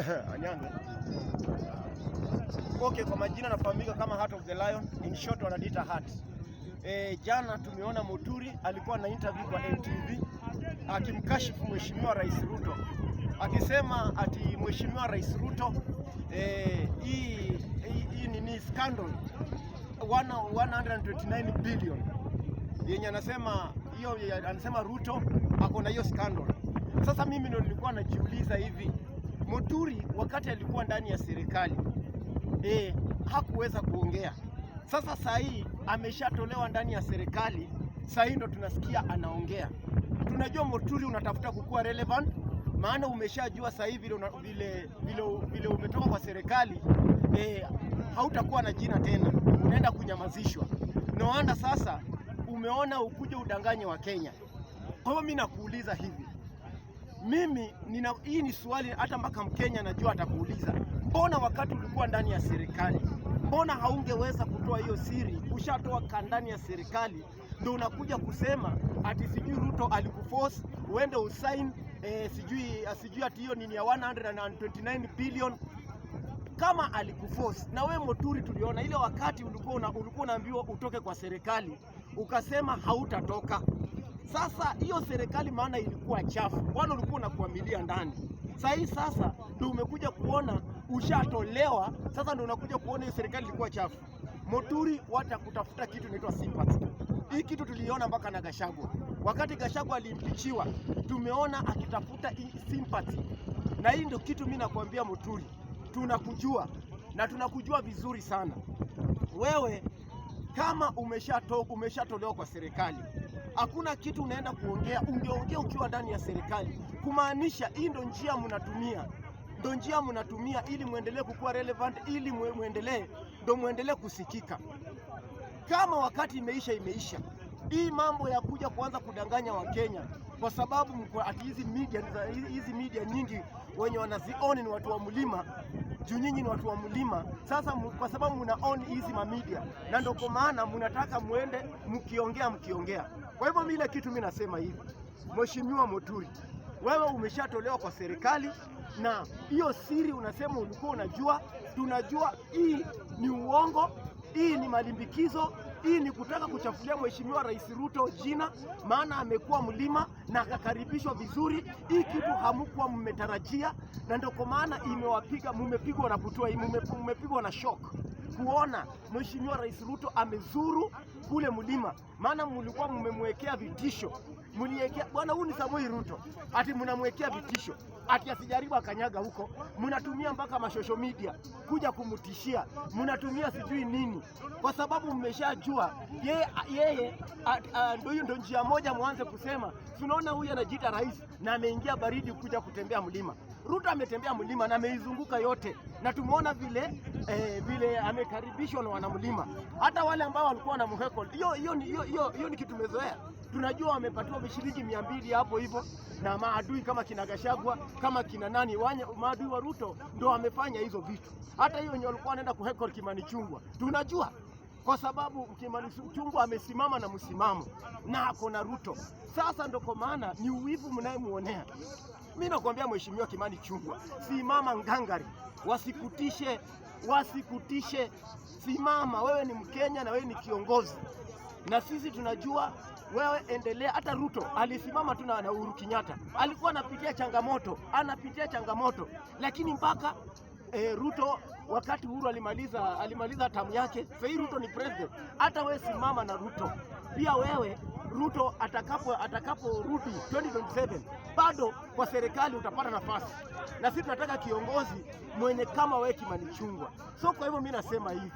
Anyanga. Okay, kwa majina nafahamika kama Heart of the Lion, in short wananiita Heart. E, jana tumeona Muturi alikuwa na interview kwa NTV akimkashifu Mheshimiwa Rais Ruto akisema ati Mheshimiwa Rais Ruto eh, hii hii nini scandal 129 billion yenye anasema hiyo, anasema Ruto ako na hiyo scandal. Sasa mimi ndo nilikuwa najiuliza hivi Muturi wakati alikuwa ndani ya serikali e, hakuweza kuongea. Sasa saa hii ameshatolewa ndani ya serikali, saa hii ndo tunasikia anaongea. Tunajua Muturi unatafuta kukuwa relevant, maana umeshajua saa hii vile, vile, vile, vile umetoka kwa serikali e, hautakuwa na jina tena, unaenda kunyamazishwa. noanda sasa umeona ukuje udanganye wa Kenya. Kwa hiyo mimi nakuuliza hivi mimi nina, hii ni swali hata mpaka Mkenya najua atakuuliza, mbona wakati ulikuwa ndani ya serikali, mbona haungeweza kutoa hiyo siri? ka ndani ya serikali ndio unakuja kusema ati sijui Ruto alikuforce uende usain e, sijui sijui ati hiyo nini ya 129 billion kama alikuforce. Na we Moturi, tuliona ile wakati ulikuwa unaambiwa utoke kwa serikali ukasema hautatoka. Sasa hiyo serikali maana ilikuwa chafu, bwana, ulikuwa unakuamilia ndani. Sasa hii sasa ndio umekuja kuona ushatolewa, sasa ndio unakuja kuona hiyo serikali ilikuwa chafu. Moturi wata kutafuta kitu inaitwa sympathy. Hii kitu tuliona mpaka na Gashagwa, wakati Gashagwa alimpichiwa, tumeona akitafuta sympathy. Na hii ndio kitu mimi nakwambia Moturi, tunakujua na tunakujua vizuri sana wewe, kama umeshatolewa umesha kwa serikali hakuna kitu unaenda kuongea, ungeongea ukiwa ndani ya serikali, kumaanisha hii ndo njia mnatumia ndo njia mnatumia ili muendelee kukuwa relevant, ili muendelee ndo muendelee kusikika. Kama wakati imeisha, imeisha. Hii mambo ya kuja kuanza kudanganya Wakenya kwa sababu mko ati hizi media, hizi media nyingi wenye wanazioni ni watu wa mlima juu nyinyi ni watu wa mlima. Sasa kwa sababu mnaoni hizi mamedia, na ndio kwa maana mnataka muende mkiongea mkiongea kwa hivyo mimi ile kitu mimi nasema hivi, Mheshimiwa Moturi, wewe umeshatolewa kwa serikali, na hiyo siri unasema ulikuwa unajua, tunajua hii ni uongo, hii ni malimbikizo, hii ni kutaka kuchafulia Mheshimiwa Rais Ruto jina, maana amekuwa mlima na akakaribishwa vizuri. Hii kitu hamkuwa mmetarajia, na ndio kwa maana imewapiga, mmepigwa na butua, mmepigwa na shock kuona Mheshimiwa Rais Ruto amezuru kule mlima, maana mlikuwa mmemwekea vitisho, mliwekea bwana huyu ni Samoi Ruto, ati mnamwekea vitisho ati asijaribu akanyaga huko. Mnatumia mpaka mashosho media kuja kumtishia, mnatumia sijui nini, kwa sababu mmeshajua yeye yeye ndio hiyo, ndio njia moja mwanze kusema, tunaona huyu anajiita rais na ameingia baridi kuja kutembea mlima. Ruto ametembea mlima na ameizunguka yote na tumeona vile eh, vile amekaribishwa na wanamlima, hata wale ambao walikuwa na mheko. Hiyo hiyo hiyo ni kitu tumezoea. Tunajua wamepatiwa vishilingi mia mbili hapo hivyo na maadui kama kina Gashagwa kama kina nani wanya, maadui wa Ruto ndio wamefanya hizo vitu. Hata hiyo yenye walikuwa wanaenda kuheko Kimani Chungwa tunajua kwa sababu Kimani Chungwa amesimama na msimamo na ako na Ruto. Sasa ndo kwa maana ni uwivu mnayemuonea mimi nakwambia Mheshimiwa Kimani Chungwa, simama ngangari, wasikutishe, wasikutishe. Simama, wewe ni Mkenya na wewe ni kiongozi, na sisi tunajua wewe endelea. Hata Ruto alisimama tu na Uhuru Kenyatta, alikuwa anapitia changamoto, anapitia changamoto, lakini mpaka e, Ruto wakati Uhuru alimaliza, alimaliza tamu yake. Sasa Ruto ni president, hata wewe simama na Ruto pia wewe Ruto atakapo atakaporudi 2027 bado kwa serikali utapata nafasi, na sisi tunataka kiongozi mwenye kama wewe Kimanichungwa. So kwa hivyo mimi nasema hivi,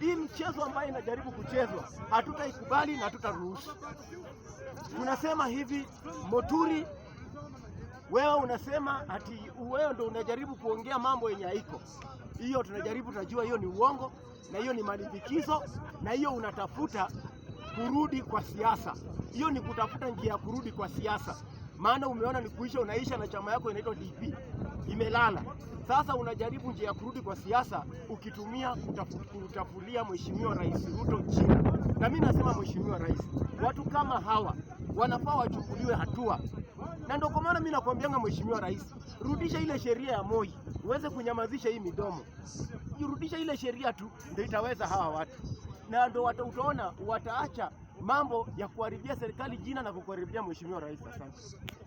hii mchezo ambayo inajaribu kuchezwa hatutaikubali na hatutaruhusu. Tunasema hivi, Moturi, wewe unasema ati wewe ndo unajaribu kuongea mambo yenye haiko. Hiyo tunajaribu, tunajua hiyo ni uongo na hiyo ni malimbikizo na hiyo unatafuta kurudi kwa siasa. Hiyo ni kutafuta njia ya kurudi kwa siasa, maana umeona ni kuisha, unaisha na chama yako inaitwa DP imelala. Sasa unajaribu njia ya kurudi kwa siasa ukitumia kutafulia mheshimiwa Rais Ruto jina, na mimi nasema mheshimiwa rais, watu kama hawa wanafaa wachukuliwe hatua, na ndio kwa maana mimi nakwambianga mheshimiwa rais, rudisha ile sheria ya Moi uweze kunyamazisha hii midomo, rudisha ile sheria tu ndio itaweza hawa watu na ndo utaona wataacha mambo ya kuharibia serikali jina na kukuharibia mheshimiwa rais. Asante.